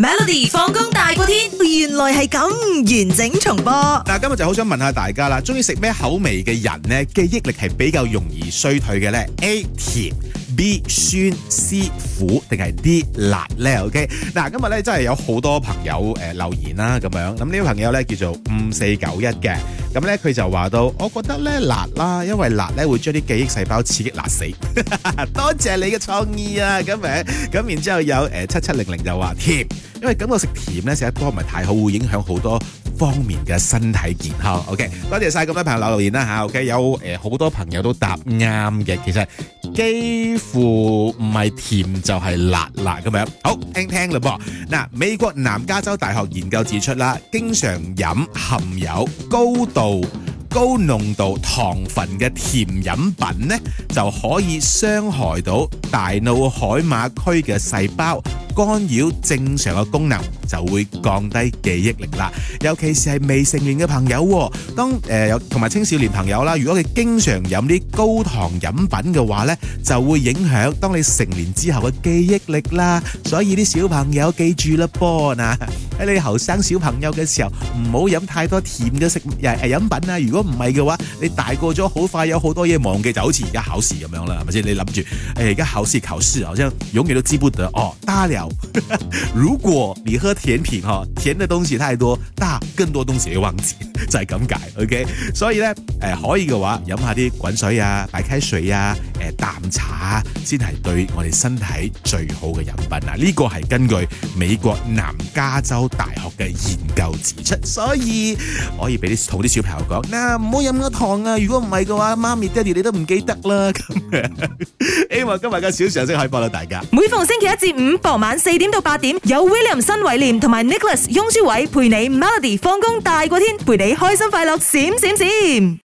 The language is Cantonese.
Melody 放工大過天，原來係咁完整重播。嗱，今日就好想問下大家啦，中意食咩口味嘅人呢，記憶力係比較容易衰退嘅呢？A 甜，B 酸，C 苦，定係 D 辣呢？OK，嗱，okay? 今日呢真係有好多朋友誒留言啦，咁樣，咁呢位朋友呢叫做五四九一嘅，咁呢，佢就話到，我覺得呢，辣啦，因為辣呢會將啲記憶細胞刺激辣死。 多謝你嘅創意啊，今日，咁然之後有誒七七零零就話甜。因為咁我食甜咧食得多唔係太好，會影響好多方面嘅身體健康。OK，多謝晒各位朋友留言啦吓。OK，有誒好、呃、多朋友都答啱嘅，其實幾乎唔係甜就係、是、辣辣咁樣。好，聽聽嘞噃。嗱，美國南加州大學研究指出啦，經常飲含有高度高濃度糖分嘅甜飲品呢，就可以傷害到大腦海馬區嘅細胞。干擾正常嘅功能，就會降低記憶力啦。尤其是係未成年嘅朋友，當誒、呃、有同埋青少年朋友啦，如果佢經常飲啲高糖飲品嘅話呢，就會影響當你成年之後嘅記憶力啦。所以啲小朋友記住啦，噃啊，喺你後生小朋友嘅時候，唔好飲太多甜嘅食誒、呃、飲品啊。如果唔係嘅話，你大個咗好快有好多嘢忘記，就好似而家考試咁樣啦，係咪先？你諗住誒，而家考試，考試，好永遠都知不得哦。 如果你喝甜品，哈甜的東西太多，大，更多東西也忘記，就係咁解，OK。所以呢，誒可以嘅話，飲下啲滾水啊，白開水呀，啊。淡茶啊，先係對我哋身體最好嘅飲品啊！呢個係根據美國南加州大學嘅研究指出，所以我可以俾啲同啲小朋友講：嗱，唔好飲咁多糖啊！如果唔係嘅話，媽咪爹哋你都唔記得啦咁樣。希望今日嘅小常識可以幫到大家。每逢星期一至五傍晚四點到八點，有 William 新偉廉同埋 Nicholas 雍書偉陪你 Melody 放工大過天，陪你開心快樂閃閃閃。